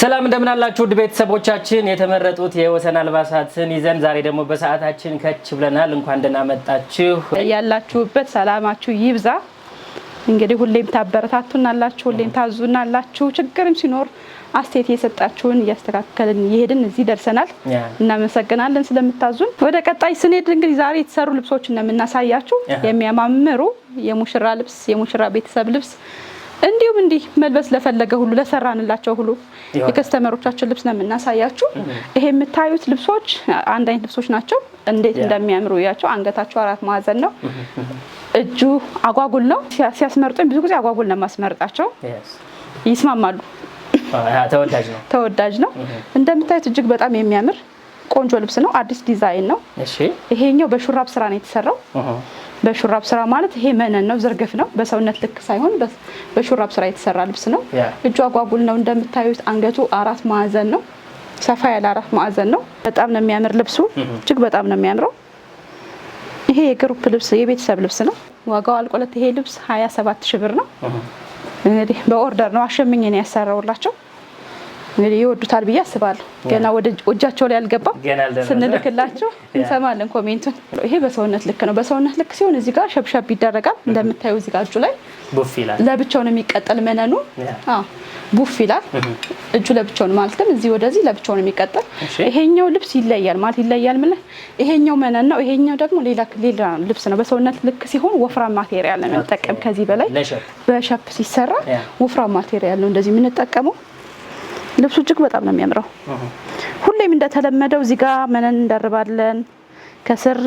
ሰላም እንደምናላችሁ ውድ ቤተሰቦቻችን፣ የተመረጡት የወሰን አልባሳትን ይዘን ዛሬ ደግሞ በሰዓታችን ከች ብለናል። እንኳን ደህና መጣችሁ። ያላችሁበት ሰላማችሁ ይብዛ። እንግዲህ ሁሌም ታበረታቱናላችሁ፣ ሁሌም ታዙናላችሁ። ችግርም ሲኖር አስተያየት የሰጣችሁን እያስተካከልን እየሄድን እዚህ ደርሰናል። እናመሰግናለን ስለምታዙን። ወደ ቀጣይ ስንሄድ እንግዲህ ዛሬ የተሰሩ ልብሶችን ነው የሚያማምሩ የሙሽራ ልብስ፣ የሙሽራ ቤተሰብ ልብስ እንዲሁም እንዲህ መልበስ ለፈለገ ሁሉ ለሰራንላቸው ሁሉ የከስተመሮቻችን ልብስ ነው የምናሳያችሁ። ይሄ የምታዩት ልብሶች አንድ አይነት ልብሶች ናቸው። እንዴት እንደሚያምሩ እያቸው። አንገታቸው አራት ማዕዘን ነው። እጁ አጓጉል ነው። ሲያስመርጡኝ ብዙ ጊዜ አጓጉል ነው የማስመርጣቸው። ይስማማሉ። ተወዳጅ ነው ተወዳጅ ነው። እንደምታዩት እጅግ በጣም የሚያምር ቆንጆ ልብስ ነው። አዲስ ዲዛይን ነው። ይሄኛው በሹራብ ስራ ነው የተሰራው። በሹራብ ስራ ማለት ይሄ መነን ነው፣ ዝርግፍ ነው። በሰውነት ልክ ሳይሆን በሹራብ ስራ የተሰራ ልብስ ነው። እጁ አጓጉል ነው እንደምታዩት። አንገቱ አራት ማዕዘን ነው፣ ሰፋ ያለ አራት ማዕዘን ነው። በጣም ነው የሚያምር ልብሱ፣ እጅግ በጣም ነው የሚያምረው። ይሄ የግሩፕ ልብስ የቤተሰብ ልብስ ነው። ዋጋው አልቆለት ይሄ ልብስ ሀያ ሰባት ሺህ ብር ነው። እንግዲህ በኦርደር ነው አሸምኝ ነው ያሰራውላቸው። እንግዲህ ይወዱታል ብዬ አስባለሁ። ገና ወደ እጃቸው ላይ አልገባም። ስንልክላቸው እንሰማለን ኮሜንቱን። ይሄ በሰውነት ልክ ነው። በሰውነት ልክ ሲሆን እዚህ ጋር ሸብሸብ ይደረጋል። እንደምታየው እዚህ ጋር እጁ ላይ ለብቻው ነው የሚቀጠል መነኑ። ቡፍ ይላል እጁ ለብቻውን፣ ማለትም እዚህ ወደዚህ ለብቻውን የሚቀጠል። ይሄኛው ልብስ ይለያል ማለት ይለያል። ምን ይሄኛው መነን ነው፣ ይሄኛው ደግሞ ሌላ ሌላ ልብስ ነው። በሰውነት ልክ ሲሆን ወፍራም ማቴሪያል ነው የምንጠቀም። ከዚህ በላይ በሸፕ ሲሰራ ወፍራም ማቴሪያል ነው እንደዚህ የምንጠቀመው። ልብሱ እጅግ በጣም ነው የሚያምረው። ሁሌም እንደተለመደው እዚህ ጋር መነን እንደርባለን ከስር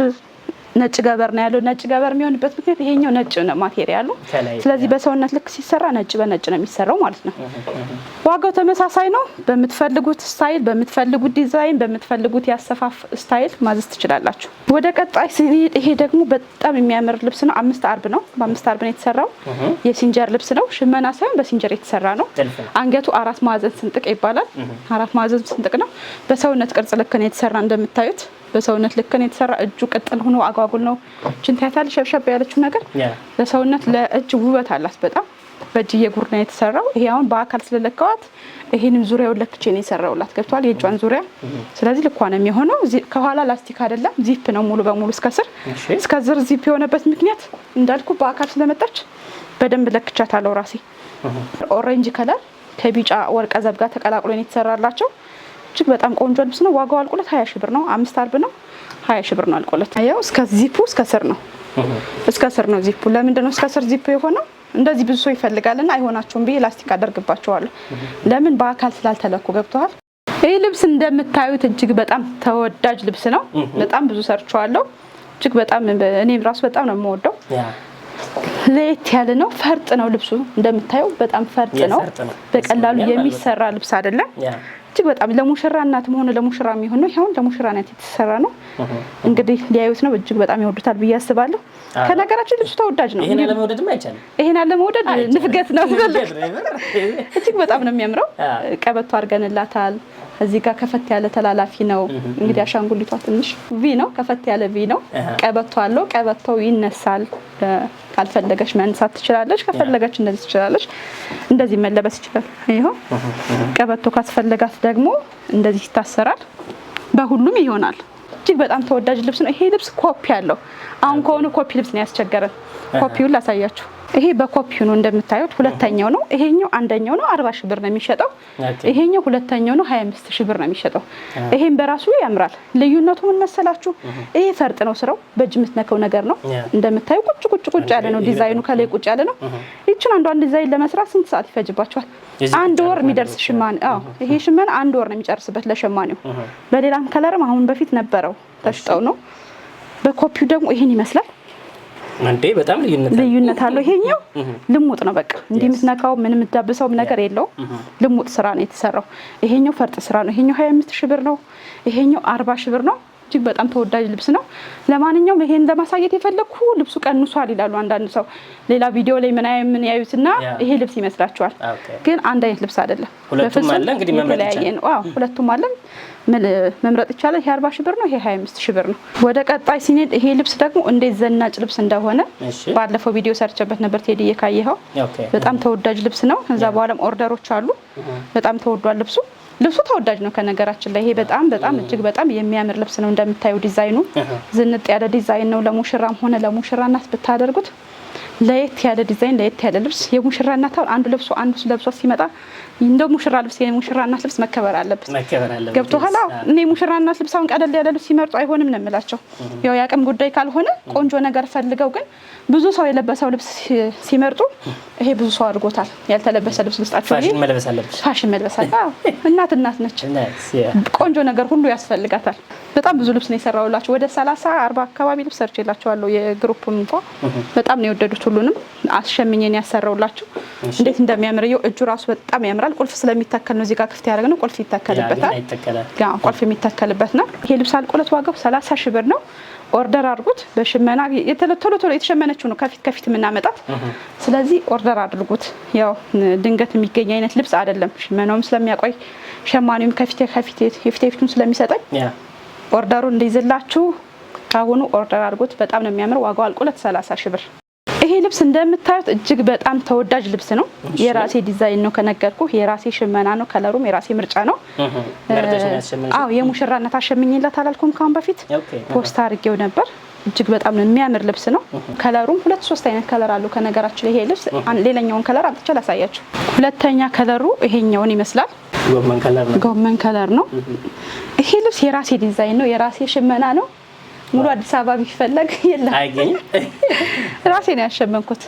ነጭ ገበር ነው ያለው። ነጭ ገበር የሚሆንበት ምክንያት ይሄኛው ነጭ ነው ማቴሪያሉ። ስለዚህ በሰውነት ልክ ሲሰራ ነጭ በነጭ ነው የሚሰራው ማለት ነው። ዋጋው ተመሳሳይ ነው። በምትፈልጉት ስታይል፣ በምትፈልጉት ዲዛይን፣ በምትፈልጉት ያሰፋፍ ስታይል ማዘዝ ትችላላችሁ። ወደ ቀጣይ ስንሄድ ይሄ ደግሞ በጣም የሚያምር ልብስ ነው። አምስት አርብ ነው። በአምስት አርብ ነው የተሰራው። የሲንጀር ልብስ ነው። ሽመና ሳይሆን በሲንጀር የተሰራ ነው። አንገቱ አራት ማዕዘን ስንጥቅ ይባላል። አራት ማዕዘን ስንጥቅ ነው። በሰውነት ቅርጽ ልክ ነው የተሰራ እንደምታዩት በሰውነት ልክ ነው የተሰራ። እጁ ቅጥል ሆኖ አጓጉል ነው። ችንታያታል ሸብሸብ ያለችው ነገር ለሰውነት ለእጅ ውበት አላት በጣም በእጅ የጉርና የተሰራው ይሄ አሁን በአካል ስለለካዋት ይሄንም ዙሪያውን ለክቼ ነው የሰራውላት። ገብቷል የእጇን ዙሪያ። ስለዚህ ልኳ ነው የሚሆነው። ከኋላ ላስቲክ አይደለም ዚፕ ነው ሙሉ በሙሉ እስከ ስር እስከ ዝር ዚፕ የሆነበት ምክንያት እንዳልኩ በአካል ስለመጣች በደንብ ለክቻት አለው ራሴ። ኦሬንጅ ከለር ከቢጫ ወርቀ ዘብ ጋር ተቀላቅሎ የተሰራላቸው እጅግ በጣም ቆንጆ ልብስ ነው። ዋጋው አልቆለት ሀያ ሺህ ብር ነው። አምስት አርብ ነው። ሀያ ሺህ ብር ነው አልቆለት። ያው እስከ ዚፑ እስከ ስር ነው እስከ ስር ነው ዚፑ። ለምንድን ነው እስከ ስር ዚፑ የሆነው? እንደዚህ ብዙ ሰው ይፈልጋልና አይሆናቸውም ብዬ ላስቲክ አደርግባቸዋለሁ። ለምን በአካል ስላልተለኩ ገብተዋል። ይህ ልብስ እንደምታዩት እጅግ በጣም ተወዳጅ ልብስ ነው። በጣም ብዙ ሰርቸዋለሁ። እጅግ በጣም እኔም ራሱ በጣም ነው የምወደው። ለየት ያለ ነው። ፈርጥ ነው ልብሱ እንደምታየው በጣም ፈርጥ ነው። በቀላሉ የሚሰራ ልብስ አይደለም። እጅግ በጣም ለሙሽራ እናትም ሆነ ለሙሽራ የሚሆን ነው። ይኸውን ለሙሽራ እናት የተሰራ ነው። እንግዲህ ሊያዩት ነው። እጅግ በጣም ይወዱታል ብዬ አስባለሁ። ከነገራችን ልብሱ ተወዳጅ ነው። ይሄን አለመውደድ አይቻልም። ይሄን ንፍገት ነው። እጅግ በጣም ነው የሚያምረው። ቀበቶ አድርገንላታል። እዚህ ጋር ከፈት ያለ ተላላፊ ነው። እንግዲህ አሻንጉሊቷ ትንሽ ቪ ነው፣ ከፈት ያለ ቪ ነው። ቀበቶ አለው። ቀበቶው ይነሳል። ካልፈለገች መንሳት ትችላለች፣ ከፈለገች እንደዚህ ትችላለች። እንደዚህ መለበስ ይችላል። ይኸው ቀበቶ ካስፈለጋት ደግሞ እንደዚህ ይታሰራል። በሁሉም ይሆናል። እጅግ በጣም ተወዳጅ ልብስ ነው። ይሄ ልብስ ኮፒ አለው። አሁን ከሆነ ኮፒ ልብስ ነው ያስቸገረን። ኮፒውን ላሳያችሁ ይሄ በኮፒው ነው እንደምታዩት፣ ሁለተኛው ነው። ይሄኛው አንደኛው ነው፣ አርባ ሺህ ብር ነው የሚሸጠው። ይሄኛው ሁለተኛው ነው፣ ሀያ አምስት ሺህ ብር ነው የሚሸጠው። ይሄም በራሱ ያምራል። ልዩነቱ ምን መሰላችሁ? ይሄ ፈርጥ ነው ስራው፣ በእጅ የምትነከው ነገር ነው። እንደምታዩ ቁጭ ቁጭ ቁጭ ያለ ነው ዲዛይኑ፣ ከላይ ቁጭ ያለ ነው። ይችን አንዷን ዲዛይን ለመስራት ስንት ሰዓት ይፈጅባቸዋል? አንድ ወር የሚደርስ ሽማኔ። አዎ ይሄ ሽመና አንድ ወር ነው የሚጨርስበት ለሸማኔው። በሌላም ከለርም አሁን በፊት ነበረው ተሽጠው ነው። በኮፒው ደግሞ ይሄን ይመስላል። አንዴ በጣም ልዩነት ልዩነት አለው። ይሄኛው ልሙጥ ነው በቃ እንዲህ የምትነካው ምን የምትዳብሰውም ነገር የለውም። ልሙጥ ስራ ነው የተሰራው። ይሄኛው ፈርጥ ስራ ነው። ይሄኛው 25 ሺህ ብር ነው። ይሄኛው 40 ሺህ ብር ነው። እጅግ በጣም ተወዳጅ ልብስ ነው። ለማንኛውም ይሄን ለማሳየት የፈለግኩ ልብሱ ቀንሷል ይላሉ አንዳንድ ሰው። ሌላ ቪዲዮ ላይ ምን ምን ያዩትና ይሄ ልብስ ይመስላችኋል። ግን አንድ አይነት ልብስ አይደለም፣ እንግዲህ የተለያየ ነው። ሁለቱም አለን መምረጥ ይቻላል። ይሄ አርባ ሺህ ብር ነው፣ ይሄ 25 ሺህ ብር ነው። ወደ ቀጣይ ሲኔድ ይሄ ልብስ ደግሞ እንዴት ዘናጭ ልብስ እንደሆነ ባለፈው ቪዲዮ ሰርቼበት ነበር። ቴዲዬ ካየኸው በጣም ተወዳጅ ልብስ ነው። እዛ በኋላም ኦርደሮች አሉ። በጣም ተወዷል ልብሱ። ልብሱ ተወዳጅ ነው። ከነገራችን ላይ ይሄ በጣም በጣም እጅግ በጣም የሚያምር ልብስ ነው። እንደምታዩ ዲዛይኑ ዝንጥ ያለ ዲዛይን ነው። ለሙሽራም ሆነ ለሙሽራ እናት ብታደርጉት ለየት ያለ ዲዛይን፣ ለየት ያለ ልብስ የሙሽራ እናት አንዱ ልብሱ አንዱ ለብሶ ሲመጣ እንደ ሙሽራ ልብስ የሙሽራ እናት ልብስ መከበር አለበት። ገብቶሃል? እኔ ሙሽራ እናት ልብስ አሁን ቀለል ያለ ልብስ ሲመርጡ አይሆንም ነው የምላቸው። ያው የአቅም ጉዳይ ካልሆነ ቆንጆ ነገር ፈልገው፣ ግን ብዙ ሰው የለበሰው ልብስ ሲመርጡ ይሄ ብዙ ሰው አድርጎታል። ያልተለበሰ ልብስ ውስጣቸው ፋሽን መልበስ አለ። እናት እናት ነች፣ ቆንጆ ነገር ሁሉ ያስፈልጋታል። በጣም ብዙ ልብስ ነው የሰራውላቸው። ወደ ሰላሳ አርባ አካባቢ ልብስ ሰርቼላቸዋለሁ። የግሩፕም እንኳ በጣም ነው የወደዱት። ሁሉንም አስሸምኘን ያሰራውላችሁ እንዴት እንደሚያምርየው እጁ ራሱ በጣም ያምራል። ቁልፍ ስለሚታከል ነው እዚህ ጋር ክፍት ነው። ቁልፍ ይታከልበታል። ቁልፍ የሚታከልበት ነው። ይሄ ልብስ አልቆለት ዋጋው ሰላሳ ሺ ብር ነው። ኦርደር አድርጉት። በሽመና ቶሎ ቶሎ የተሸመነችው ነው ከፊት ከፊት የምናመጣት። ስለዚህ ኦርደር አድርጉት። ያው ድንገት የሚገኝ አይነት ልብስ አይደለም። ሽመናውም ስለሚያቆይ ሸማኔውም ከፊት ከፊት የፊት ስለሚሰጠኝ ኦርደሩ እንዲይዝላችሁ ካሁኑ ኦርደር አድርጎት በጣም ነው የሚያምር። ዋጋው አልቆለት ሰላሳ ሺህ ብር ይሄ ልብስ እንደምታዩት እጅግ በጣም ተወዳጅ ልብስ ነው። የራሴ ዲዛይን ነው ከነገርኩ፣ የራሴ ሽመና ነው። ከለሩም የራሴ ምርጫ ነው። አዎ የሙሽራነት አሸምኝለት አላልኩም? ካሁን በፊት ፖስታ አድርጌው ነበር። እጅግ በጣም የሚያምር ልብስ ነው። ከለሩም ሁለት ሶስት አይነት ከለር አለው። ከነገራችሁ ይሄ ልብስ ሌላኛውን ከለር አምጥቼ ላሳያችሁ። ሁለተኛ ከለሩ ይሄኛውን ይመስላል። ጎመን ከለር ነው። ይሄ ልብስ የራሴ ዲዛይን ነው። የራሴ ሽመና ነው። ሙሉ አዲስ አበባ ቢፈለግ የለም ራሴ ነው ያሸመንኩት።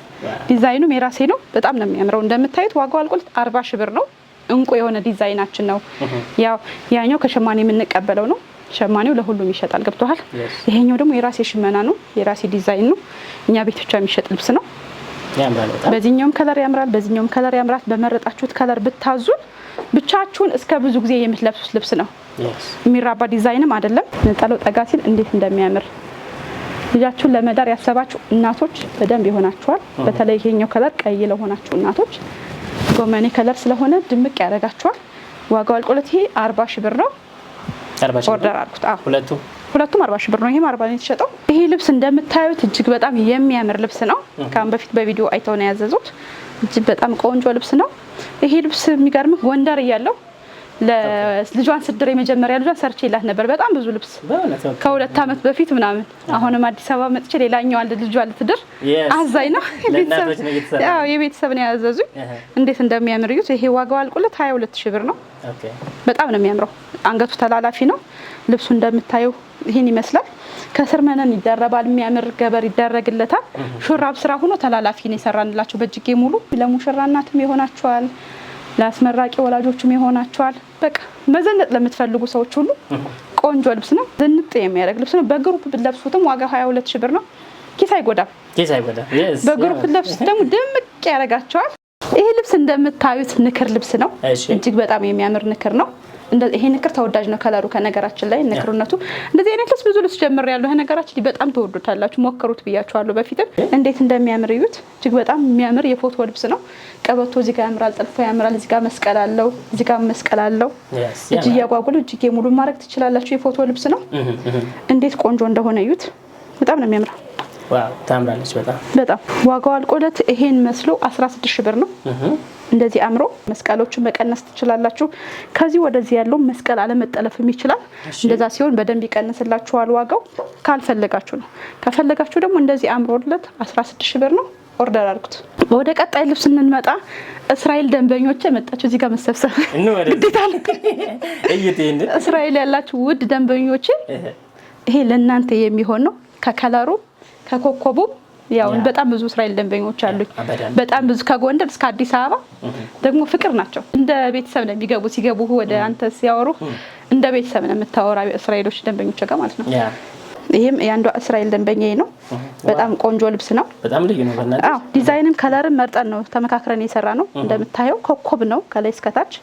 ዲዛይኑም የራሴ ነው። በጣም ነው የሚያምረው። እንደምታዩት ዋጋው አልቆልት አርባ ሺህ ብር ነው። እንቁ የሆነ ዲዛይናችን ነው። ያው ያኛው ከሸማኔ የምንቀበለው ነው። ሸማኔው ለሁሉም ይሸጣል። ገብቶሃል? ይሄኛው ደግሞ የራሴ ሽመና ነው። የራሴ ዲዛይን ነው። እኛ ቤት ብቻ የሚሸጥ ልብስ ነው። በዚህኛውም ከለር ያምራል፣ በዚህኛውም ከለር ያምራል። በመረጣችሁት ከለር ብታዙን ብቻችሁን እስከ ብዙ ጊዜ የምትለብሱት ልብስ ነው። የሚራባ ዲዛይንም አይደለም። ነጠላው ጠጋ ሲል እንዴት እንደሚያምር ልጃችሁን ለመዳር ያሰባችሁ እናቶች በደንብ ይሆናችኋል። በተለይ ይሄኛው ከለር ቀይ ለሆናችሁ እናቶች ጎመኔ ከለር ስለሆነ ድምቅ ያደርጋችኋል። ዋጋው አልቆለት ይሄ አርባ ሺህ ብር ነው። ኦርደር አድርጉት ሁለቱ ሁለቱም አርባ ሽብር ብር ነው። ይህም አርባ ነው የተሸጠው። ይሄ ልብስ እንደምታዩት እጅግ በጣም የሚያምር ልብስ ነው። ከአሁን በፊት በቪዲዮ አይተው ነው ያዘዙት። እጅግ በጣም ቆንጆ ልብስ ነው። ይሄ ልብስ የሚገርምህ ጎንደር እያለው ልጇን ስድር የመጀመሪያ ልጇን ሰርቼ ላት ነበር። በጣም ብዙ ልብስ ከሁለት ዓመት በፊት ምናምን። አሁንም አዲስ አበባ መጥቼ ሌላኛዋ ልጇ ልትድር አዛኝ ነው የቤተሰብ ነው ያዘዙኝ። እንዴት እንደሚያምር እዩት። ይሄ ዋጋው አልቁለት ሀያ ሁለት ሺ ብር ነው። በጣም ነው የሚያምረው። አንገቱ ተላላፊ ነው። ልብሱ እንደምታየው ይህን ይመስላል። ከስር መነን ይደረባል። የሚያምር ገበር ይደረግለታል። ሹራብ ስራ ሆኖ ተላላፊ ነው የሰራንላቸው በእጅጌ ሙሉ ለሙሽራ እናትም ይሆናቸዋል። ለአስመራቂ ወላጆችም ይሆናቸዋል። በቃ መዘነጥ ለምትፈልጉ ሰዎች ሁሉ ቆንጆ ልብስ ነው። ዝንጥ የሚያደርግ ልብስ ነው። በግሩፕ ብትለብሱትም ዋጋ 22 ሺ ብር ነው። ኪስ አይጎዳም። በግሩፕ ብትለብሱት ደግሞ ድምቅ ያደርጋቸዋል። ይህ ልብስ እንደምታዩት ንክር ልብስ ነው። እጅግ በጣም የሚያምር ንክር ነው። ይሄ ንክር ተወዳጅ ነው። ከለሩ ከነገራችን ላይ ንክርነቱ እንደዚህ አይነት ልብስ ብዙ ልብስ ጀምር ይሄ ነገራችን በጣም ተወዱታላችሁ፣ ሞክሩት ብያችኋለሁ በፊትም እንዴት እንደሚያምር እዩት። እጅግ በጣም የሚያምር የፎቶ ልብስ ነው። ቀበቶ እዚህ ጋር ያምራል፣ ጥልፎ ያምራል። እዚህ ጋር መስቀል አለው፣ እዚህ ጋር መስቀል አለው። እጅ እያጓጉል እጅጌ ሙሉ ማድረግ ትችላላችሁ። የፎቶ ልብስ ነው። እንዴት ቆንጆ እንደሆነ እዩት። በጣም ነው የሚያምረው። ታምራለች በጣም በጣም። ዋጋው አልቆለት ይሄን መስሎ 16 ብር ነው። እንደዚህ አምሮ መስቀሎቹን መቀነስ ትችላላችሁ። ከዚህ ወደዚህ ያለው መስቀል አለመጠለፍም ይችላል። እንደዛ ሲሆን በደንብ ይቀንስላችኋል ዋጋው ካልፈለጋችሁ ነው። ከፈለጋችሁ ደግሞ እንደዚህ አምሮለት 16 ብር ነው። ኦርደር አድርጉት። ወደ ቀጣይ ልብስ ስንመጣ እስራኤል ደንበኞች መጣችሁ፣ እዚህ ጋር መሰብሰብ ግዴታ። እስራኤል ያላችሁ ውድ ደንበኞች ይሄ ለእናንተ የሚሆን ነው ከከለሩ ከኮከቡ ያው በጣም ብዙ እስራኤል ደንበኞች አሉኝ። በጣም ብዙ ከጎንደር እስከ አዲስ አበባ ደግሞ ፍቅር ናቸው። እንደ ቤተሰብ ነው የሚገቡ። ሲገቡ ወደ አንተ ሲያወሩ እንደ ቤተሰብ ነው የምታወራ እስራኤሎች ደንበኞች ጋር ማለት ነው። ይህም የአንዷ እስራኤል ደንበኛዬ ነው። በጣም ቆንጆ ልብስ ነው። በጣም ልዩ ነው። ዲዛይንም ከለርም መርጠን ነው ተመካክረን የሰራ ነው። እንደምታየው ኮኮብ ነው ከላይ እስከታች።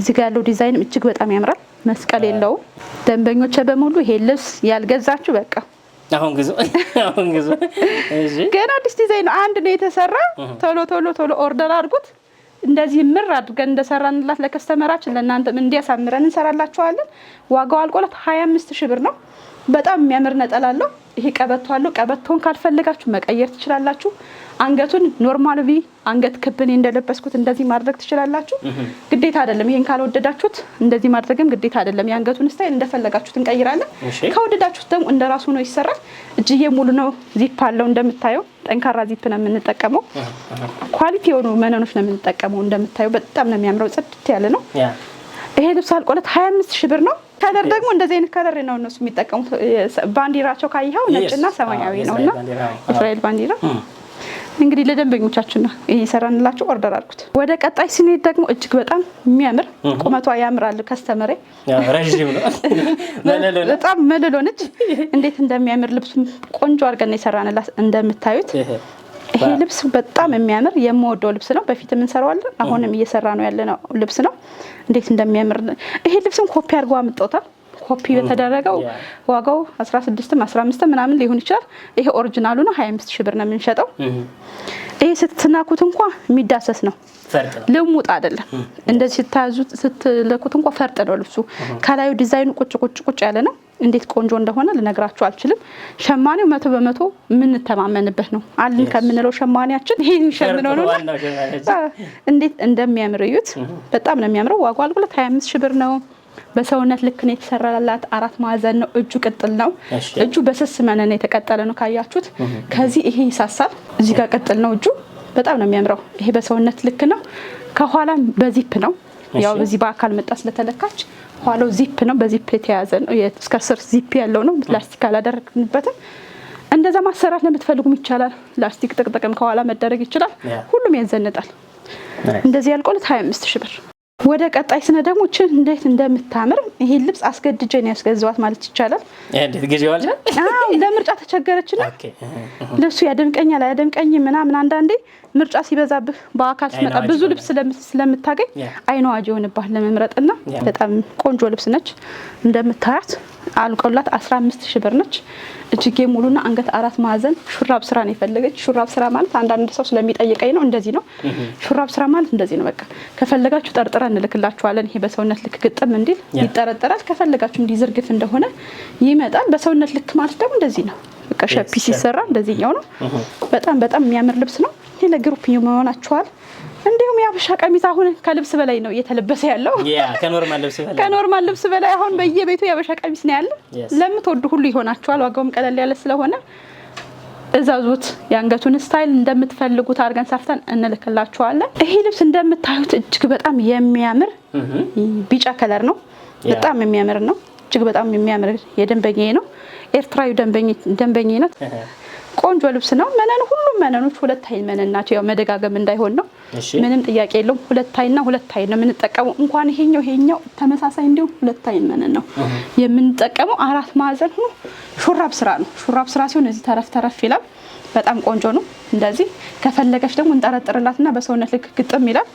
እዚህ ጋር ያለው ዲዛይንም እጅግ በጣም ያምራል። መስቀል የለውም። ደንበኞች በሙሉ ይሄ ልብስ ያልገዛችሁ በቃ አሁን ግዙ አሁን ግዙ። እሺ ገና አዲስ ዲዛይን ነው። አንድ ነው የተሰራ። ቶሎ ቶሎ ቶሎ ኦርደር አድርጉት። እንደዚህ ምር አድርገን እንደሰራንላት ለከስተመራችን ለእናንተም እንዲያሳምረን እንሰራላችኋለን። ዋጋው አልቆላት 25 ሺህ ብር ነው። በጣም የሚያምር ነጠላ አለው። ይሄ ቀበቶ አለው። ቀበቶን ካልፈልጋችሁ መቀየር ትችላላችሁ። አንገቱን ኖርማል ቪ አንገት ክብኔ እንደለበስኩት እንደዚህ ማድረግ ትችላላችሁ። ግዴታ አይደለም። ይሄን ካልወደዳችሁት እንደዚህ ማድረግም ግዴታ አይደለም። የአንገቱን ስታይል እንደፈለጋችሁት እንቀይራለን። ከወደዳችሁት ደግሞ እንደ ራሱ ነው ይሰራል። እጅዬ ሙሉ ነው። ዚፕ አለው እንደምታየው። ጠንካራ ዚፕ ነው የምንጠቀመው። ኳሊቲ የሆኑ መነኖች ነው የምንጠቀመው። እንደምታየው በጣም ነው የሚያምረው። ጽድት ያለ ነው። ይሄ ልብስ አልቆለት 25 ሺህ ብር ነው። ከለር ደግሞ እንደዚህ አይነት ከለር ነው እነሱ የሚጠቀሙት። ባንዲራቸው ካይኸው ነጭና ሰማያዊ ነው እና እስራኤል ባንዲራ እንግዲህ ለደንበኞቻችን ነው ይሄ የሰራንላቸው። ኦርደር አልኩት። ወደ ቀጣይ ስንሄድ ደግሞ እጅግ በጣም የሚያምር ቁመቷ ያምራል። ከስተመሬ በጣም መልሎ ነች። እንዴት እንደሚያምር ልብሱም ቆንጆ አድርገን የሰራንላት እንደምታዩት ይሄ ልብስ በጣም የሚያምር የምወደው ልብስ ነው። በፊት የምንሰራዋለን አሁንም እየሰራ ነው ያለ ነው ልብስ ነው። እንዴት እንደሚያምር ይሄ ልብስም ኮፒ አድርጎ አምጠውታል። ኮፒ በተደረገው ዋጋው 16ም 15 ምናምን ሊሆን ይችላል። ይሄ ኦሪጂናሉ ነው 25 ሺህ ብር ነው የምንሸጠው። ይሄ ስትናኩት እንኳ የሚዳሰስ ነው ልሙጥ አይደለም። እንደዚህ ስታያዙ ስትለኩት እንኳ ፈርጥ ነው ልብሱ። ከላዩ ዲዛይኑ ቁጭ ቁጭ ቁጭ ያለ ነው። እንዴት ቆንጆ እንደሆነ ልነግራችሁ አልችልም። ሸማኔው መቶ በመቶ የምንተማመንበት ነው። አልን ከምንለው ሸማኔያችን ይሄ ሸምነው ነው። እንዴት እንደሚያምር እዩት። በጣም ነው የሚያምረው። ዋጋ አልጉለት 25 ሺ ብር ነው። በሰውነት ልክ ነው የተሰራላት። አራት ማዕዘን ነው። እጁ ቅጥል ነው። እጁ በስስ መነን የተቀጠለ ነው ካያችሁት። ከዚህ ይሄ ይሳሳል። እዚህ ጋር ቅጥል ነው እጁ። በጣም ነው የሚያምረው። ይሄ በሰውነት ልክ ነው። ከኋላም በዚፕ ነው ያው እዚህ በአካል መጣ ስለተለካች ኋላው ዚፕ ነው። በዚፕ የተያዘ ነው። እስከ ስር ዚፕ ያለው ነው። ላስቲክ አላደረግንበትም። እንደዛ ማሰራት ለምትፈልጉም ይቻላል። ላስቲክ ጥቅጥቅም ከኋላ መደረግ ይችላል። ሁሉም ያዘንጣል። እንደዚህ ያልቆለት 25 ሺህ ብር ወደ ቀጣይ ስነ ደግሞ ችን እንዴት እንደምታምር ይሄን ልብስ አስገድጄ ነው ያስገዛዋት ማለት ይቻላል። ለምርጫ ና ልብሱ ያደምቀኛል አያደምቀኝ ምናምን አንዳንዴ ምርጫ ሲበዛብህ በአካል ሲመጣ ብዙ ልብስ ስለምታገኝ አይነዋጅ የሆንባህል ለመምረጥ ለመምረጥና በጣም ቆንጆ ልብስ ነች እንደምታያት አልቆላት 15 ሺህ ብር ነች። እጅጌ ሙሉና አንገት አራት ማዕዘን ሹራብ ስራ ነው የፈለገች። ሹራብ ስራ ማለት አንዳንድ ሰው ስለሚጠይቀኝ ነው እንደዚህ ነው። ሹራብ ስራ ማለት እንደዚህ ነው። በቃ ከፈለጋችሁ ጠርጥረ እንልክላችኋለን። ይሄ በሰውነት ልክ ግጥም እንዲል ይጠረጠራል። ከፈለጋችሁ ዝርግፍ እንደሆነ ይመጣል። በሰውነት ልክ ማለት ደግሞ እንደዚህ ነው። በቃ ሸፒ ሲሰራ እንደዚህኛው ነው። በጣም በጣም የሚያምር ልብስ ነው። ይሄ ለግሩፕ ይሆናችኋል። እንዲሁም የሀበሻ ቀሚስ አሁን ከልብስ በላይ ነው እየተለበሰ ያለው፣ ከኖርማል ልብስ በላይ አሁን በየቤቱ የሀበሻ ቀሚስ ነው ያለ። ለምትወዱ ሁሉ ይሆናችኋል። ዋጋውም ቀለል ያለ ስለሆነ እዛዙት የአንገቱን ስታይል እንደምትፈልጉት አድርገን ሰፍተን እንልክላችኋለን። ይሄ ልብስ እንደምታዩት እጅግ በጣም የሚያምር ቢጫ ከለር ነው። በጣም የሚያምር ነው። እጅግ በጣም የሚያምር የደንበኛ ነው። ኤርትራዊ ደንበኝ ናት። ቆንጆ ልብስ ነው። መነን ሁሉም መነኖች ሁለት አይን መነን ናቸው። ያው መደጋገም እንዳይሆን ነው። ምንም ጥያቄ የለውም። ሁለት አይንና ሁለት አይን ነው የምንጠቀመው። እንኳን ይሄኛው ይሄኛው ተመሳሳይ እንዲሁም ሁለት አይን መነን ነው የምንጠቀመው። አራት ማዕዘን ሆኖ ሹራብ ስራ ነው። ሹራብ ስራ ሲሆን እዚህ ተረፍ ተረፍ ይላል። በጣም ቆንጆ ነው። እንደዚህ ከፈለገች ደግሞ እንጠረጥርላትና በሰውነት ልክ ግጥም ይላል።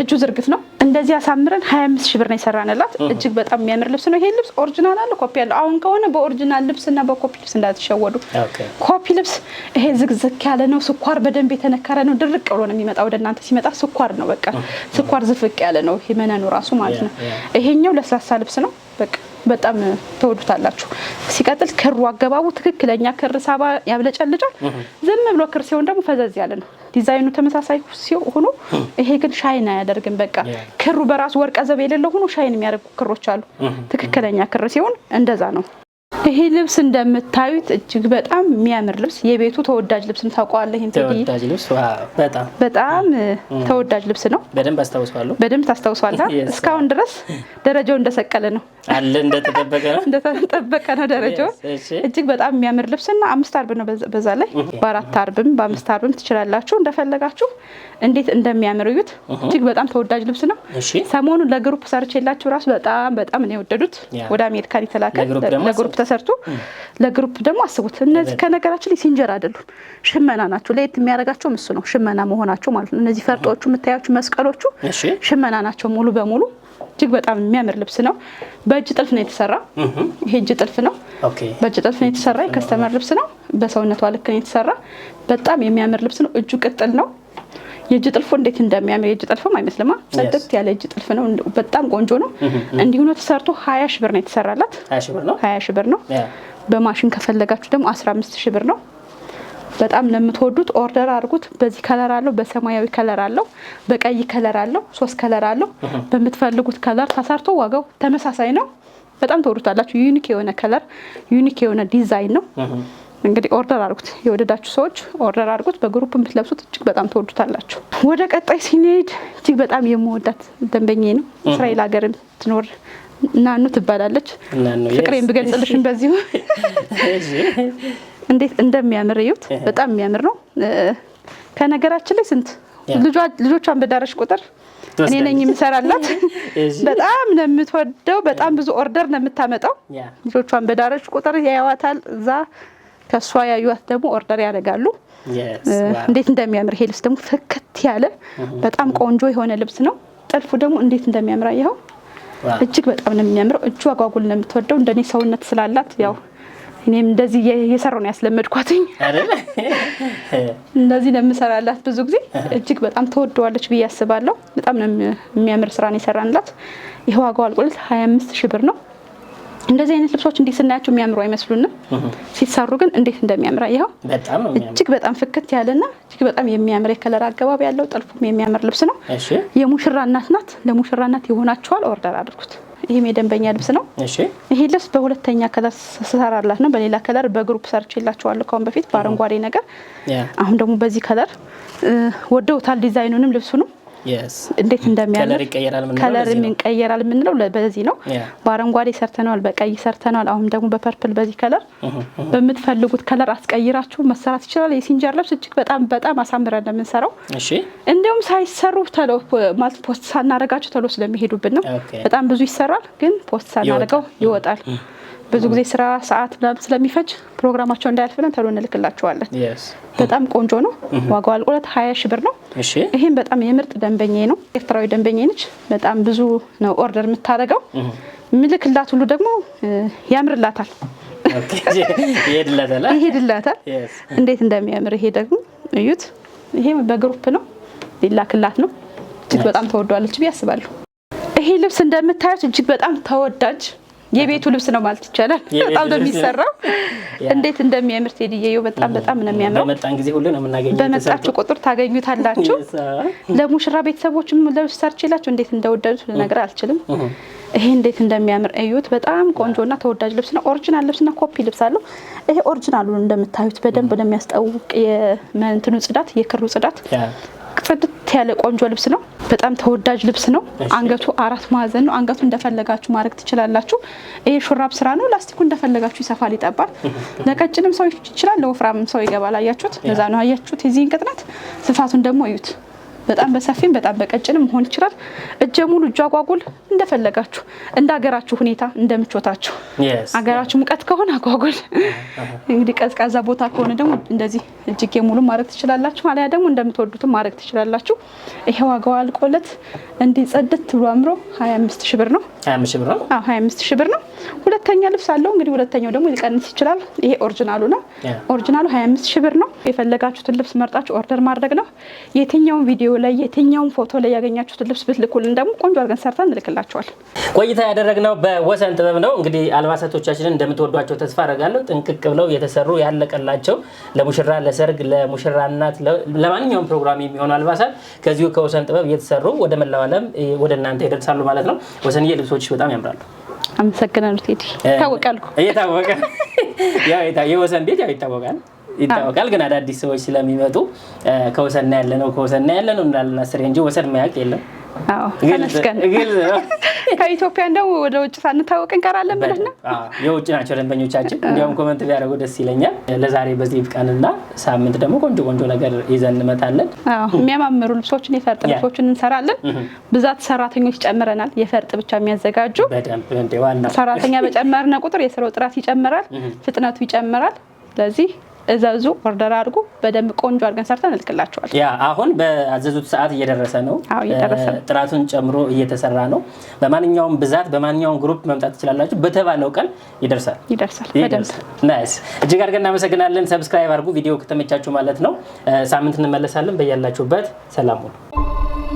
እጁ ዝርግፍ ነው። እንደዚህ አሳምረን 25 ሺህ ብር ነው የሰራንላት። እጅግ በጣም የሚያምር ልብስ ነው። ይሄ ልብስ ኦሪጂናል አለ፣ ኮፒ አለ። አሁን ከሆነ በኦሪጂናል ልብስና በኮፒ ልብስ እንዳትሸወዱ። ኮፒ ልብስ ይሄ ዝግዝግ ያለ ነው። ስኳር በደንብ የተነከረ ነው። ድርቅ ብሎ ነው የሚመጣ። ወደ እናንተ ሲመጣ ስኳር ነው። በቃ ስኳር ዝፍቅ ያለ ነው። ይሄ መነኑ ራሱ ማለት ነው። ይሄኛው ለስላሳ ልብስ ነው። በቃ በጣም ተወዱታላችሁ። ሲቀጥል ክሩ አገባቡ ትክክለኛ ክር ሳባ ያብለጨልጫል። ዝም ብሎ ክር ሲሆን ደግሞ ፈዘዝ ያለ ነው። ዲዛይኑ ተመሳሳይ ሆኖ ይሄ ግን ሻይን አያደርግም። በቃ ክሩ በራሱ ወርቀ ዘብ የሌለው ሆኖ ሻይን የሚያደርጉ ክሮች አሉ። ትክክለኛ ክር ሲሆን እንደዛ ነው። ይህ ልብስ እንደምታዩት እጅግ በጣም የሚያምር ልብስ የቤቱ ተወዳጅ ልብስ ታውቀዋለህ። ተወዳጅ ልብስ በጣም በጣም ተወዳጅ ልብስ ነው። በደንብ አስታውሰዋለሁ። በደንብ ታስታውሰዋለህ። እስካሁን ድረስ ደረጃው እንደሰቀለ ነው አለ እንደተጠበቀ ነው እንደተጠበቀ ነው ደረጃው። እጅግ በጣም የሚያምር ልብስ እና አምስት አርብ ነው በዛ ላይ በአራት አርብም በአምስት አርብም ትችላላችሁ እንደፈለጋችሁ። እንዴት እንደሚያምር እዩት። እጅግ በጣም ተወዳጅ ልብስ ነው። ሰሞኑን ለግሩፕ ሰርቼላችሁ ራሱ በጣም በጣም ነው የወደዱት። ወደ አሜሪካን የተላከ ለግሩፕ ተሰርቶ ለግሩፕ ደግሞ አስቡት። እነዚህ ከነገራችን ላይ ሲንጀር አይደሉም፣ ሽመና ናቸው። ለየት የሚያደርጋቸው እሱ ነው፣ ሽመና መሆናቸው ማለት ነው። እነዚህ ፈርጦቹ የምታያቸው መስቀሎቹ ሽመና ናቸው ሙሉ በሙሉ እጅግ በጣም የሚያምር ልብስ ነው። በእጅ ጥልፍ ነው የተሰራ። ይሄ እጅ ጥልፍ ነው፣ በእጅ ጥልፍ ነው የተሰራ። የከስተመር ልብስ ነው። በሰውነቷ ልክ ነው የተሰራ። በጣም የሚያምር ልብስ ነው። እጁ ቅጥል ነው። የእጅ ጥልፎ እንዴት እንደሚያምር የእጅ ጥልፍም አይመስልማ። ጽድት ያለ እጅ ጥልፍ ነው። በጣም ቆንጆ ነው። እንዲሁ ነው ተሰርቶ ሀያ ሺህ ብር ነው የተሰራላት። ሀያ ሺህ ብር ነው። በማሽን ከፈለጋችሁ ደግሞ አስራ አምስት ሺ ብር ነው። በጣም ለምትወዱት ኦርደር አድርጉት። በዚህ ከለር አለው፣ በሰማያዊ ከለር አለው፣ በቀይ ከለር አለው፣ ሶስት ከለር አለው። በምትፈልጉት ከለር ተሰርቶ ዋጋው ተመሳሳይ ነው። በጣም ተወዱታላችሁ። ዩኒክ የሆነ ከለር ዩኒክ የሆነ ዲዛይን ነው። እንግዲህ ኦርደር አድርጉት። የወደዳችሁ ሰዎች ኦርደር አድርጉት። በግሩፕ የምትለብሱት እጅግ በጣም ትወዱታላችሁ። ወደ ቀጣይ ሲንሄድ እጅግ በጣም የምወዳት ደንበኛ ነው። እስራኤል ሀገር ትኖር እናኑ ትባላለች። ፍቅሬን ብገልጽልሽን በዚሁ እንዴት እንደሚያምር እዩት። በጣም የሚያምር ነው። ከነገራችን ላይ ስንት ልጆቿን በዳረሽ ቁጥር እኔ ነኝ የምሰራላት። በጣም ነው የምትወደው። በጣም ብዙ ኦርደር ነው የምታመጣው። ልጆቿን በዳረሽ ቁጥር ያዋታል እዛ ከእሷ ያዩት ደግሞ ኦርደር ያደርጋሉ። እንዴት እንደሚያምር ይሄ ልብስ ደግሞ ፍክት ያለ በጣም ቆንጆ የሆነ ልብስ ነው። ጥልፉ ደግሞ እንዴት እንደሚያምር ይኸው እጅግ በጣም ነው የሚያምረው። እጁ አጓጉል ነው የምትወደው እንደኔ ሰውነት ስላላት ያው እኔም እንደዚህ እየሰራው ነው ያስለመድኳትኝ። እንደዚህ ነው የምሰራላት ብዙ ጊዜ እጅግ በጣም ተወደዋለች ብዬ አስባለሁ። በጣም ነው የሚያምር ስራ ነው የሰራንላት። ይህ ዋጋው አልቆለት ሀያ አምስት ሺህ ብር ነው። እንደዚህ አይነት ልብሶች እንዲህ ስናያቸው የሚያምሩ አይመስሉንም። ሲሰሩ ግን እንዴት እንደሚያምር ይኸው፣ እጅግ በጣም ፍክት ያለና እጅግ በጣም የሚያምር የከለር አገባብ ያለው ጥልፉም የሚያምር ልብስ ነው። የሙሽራ እናት ናት። ለሙሽራ እናት ይሆናችኋል። ኦርደር አድርጉት። ይህም የደንበኛ ልብስ ነው። ይሄ ልብስ በሁለተኛ ከለር ስሰራላት ነው። በሌላ ከለር በግሩፕ ሰርቼላቸዋለሁ ከአሁን በፊት በአረንጓዴ ነገር። አሁን ደግሞ በዚህ ከለር ወደውታል ዲዛይኑንም ልብሱንም እንዴት እንደሚያምር ከለር ይቀየራል የምንለው በዚህ ነው። በአረንጓዴ ሰርተነዋል፣ በቀይ ሰርተነዋል። አሁን ደግሞ በፐርፕል በዚህ ከለር uh-huh, uh-huh. በምትፈልጉት ከለር አስቀይራችሁ መሰራት ይችላል። የሲንጀር ልብስ እጅግ በጣም በጣም አሳምረን ለምንሰራው እንዲሁም ሳይሰሩ ማለት ፖስት ሳናረጋቸው ተሎ ስለሚሄዱብን ነው። በጣም ብዙ ይሰራል፣ ግን ፖስት ሳናረገው ይወጣል። uh-huh. ብዙ ጊዜ ስራ ሰዓት ምናምን ስለሚፈጅ ፕሮግራማቸው እንዳያልፍለን ተሎ እንልክላቸዋለን። በጣም ቆንጆ ነው። ዋጋው አልቆለት ሀያ ሺ ብር ነው። ይህም በጣም የምርጥ ደንበኛ ነው። ኤርትራዊ ደንበኛ ነች። በጣም ብዙ ነው ኦርደር የምታደርገው። ምልክላት ሁሉ ደግሞ ያምርላታል፣ ይሄድላታል። እንዴት እንደሚያምር ይሄ ደግሞ እዩት። ይሄ በግሩፕ ነው ሊላክላት ነው። እጅግ በጣም ተወዷለች ብዬ አስባለሁ። ይሄ ልብስ እንደምታዩት እጅግ በጣም ተወዳጅ የቤቱ ልብስ ነው ማለት ይቻላል። በጣም ነው የሚሰራው። እንዴት እንደሚያምር ቴዲዬው በጣም በጣም ነው የሚያምረው። በመጣን ጊዜ ሁሉ ነው የምናገኘው። በመጣችሁ ቁጥር ታገኙታላችሁ። ለሙሽራ ቤተሰቦችም ልብስ ሰርቼላችሁ እንዴት እንደወደዱት ልነግር አልችልም። ይሄ እንዴት እንደሚያምር እዩት። በጣም ቆንጆና ተወዳጅ ልብስ ነው። ኦሪጂናል ልብስና ኮፒ ልብስ አለው። ይሄ ኦሪጂናሉ እንደምታዩት በደንብ ነው የሚያስጠውቅ። የመንትኑ ጽዳት፣ የክሩ ጽዳት ጽድት ያለ ቆንጆ ልብስ ነው። በጣም ተወዳጅ ልብስ ነው። አንገቱ አራት ማዕዘን ነው። አንገቱ እንደፈለጋችሁ ማድረግ ትችላላችሁ። ይሄ ሹራብ ስራ ነው። ላስቲኩ እንደፈለጋችሁ ይሰፋል፣ ይጠባል። ለቀጭንም ሰው ይችላል፣ ለወፍራምም ሰው ይገባል። አያችሁት? ለዛ ነው አያችሁት የዚህን ቅጥነት ስፋቱን ደግሞ እዩት። በጣም በሰፊም በጣም በቀጭንም መሆን ይችላል። እጀ ሙሉ እጇ አጓጉል እንደፈለጋችሁ፣ እንደ ሀገራችሁ ሁኔታ እንደምቾታችሁ ሀገራችሁ ሙቀት ከሆነ አጓጉል፣ እንግዲህ ቀዝቃዛ ቦታ ከሆነ ደግሞ እንደዚህ እጅጌ ሙሉ ማድረግ ትችላላችሁ። አሊያ ደግሞ እንደምትወዱትም ማድረግ ትችላላችሁ። ይሄ ዋጋው አልቆለት እንዲህ ጸድት ብሎ አምሮ 25 ሺህ ብር ነው። 25 ሺህ ብር ነው። ሁለተኛ ልብስ አለው እንግዲህ ሁለተኛው ደግሞ ሊቀንስ ይችላል። ይሄ ኦሪጂናሉ ነው። ኦሪጂናሉ 25 ሺህ ብር ነው። የፈለጋችሁትን ልብስ መርጣችሁ ኦርደር ማድረግ ነው። የትኛውን ቪዲዮ ላይ የትኛውን ፎቶ ላይ ያገኛችሁትን ልብስ ብትልኩልን ደግሞ ቆንጆ አድርገን ሰርተን እንልክላቸዋል። ቆይታ ያደረግነው በወሰን ጥበብ ነው። እንግዲህ አልባሳቶቻችንን እንደምትወዷቸው ተስፋ አደርጋለሁ። ጥንቅቅ ብለው የተሰሩ ያለቀላቸው ለሙሽራ ለሰርግ፣ ለሙሽራ እናት፣ ለማንኛውም ፕሮግራም የሚሆኑ አልባሳት ከዚሁ ከወሰን ጥበብ እየተሰሩ ወደ መላው ዓለም ወደ እናንተ ይደርሳሉ ማለት ነው። ወሰንዬ ልብሶች በጣም ያምራሉ። አመሰግናለሁ ቴዲ። ይታወቃል እየታወቀ የወሰን ቤት ያው ይታወቃል ይታወቃል ግን አዳዲስ ሰዎች ስለሚመጡ ከወሰና ያለ ነው ከወሰና ያለ ነው እንዳለን አስሬ እንጂ ወሰን ማያውቅ የለም። ከኢትዮጵያ እንደው ወደ ውጭ ሳንታወቅ እንቀራለን ብለን ነው። የውጭ ናቸው ደንበኞቻችን። እንዲያውም ኮመንት ቢያደርጉ ደስ ይለኛል። ለዛሬ በዚህ ይብቃንና ሳምንት ደግሞ ቆንጆ ቆንጆ ነገር ይዘን እንመጣለን። የሚያማምሩ ልብሶችን የፈርጥ ልብሶችን እንሰራለን። ብዛት ሰራተኞች ጨምረናል። የፈርጥ ብቻ የሚያዘጋጁ ሰራተኛ በጨመርነ ቁጥር የስራው ጥራት ይጨምራል፣ ፍጥነቱ ይጨምራል። ስለዚህ እዘዙ፣ ኦርደር አድርጉ። በደንብ ቆንጆ አድርገን ሰርተን እልክላቸዋል። ያ አሁን በአዘዙት ሰዓት እየደረሰ ነው፣ ጥራቱን ጨምሮ እየተሰራ ነው። በማንኛውም ብዛት በማንኛውም ግሩፕ መምጣት ትችላላችሁ። በተባለው ቀን ይደርሳል ይደርሳል። ናይስ። እጅግ አድርገን እናመሰግናለን። ሰብስክራይብ አድርጉ፣ ቪዲዮ ከተመቻችሁ ማለት ነው። ሳምንት እንመለሳለን። በያላችሁበት ሰላም ሁኑ።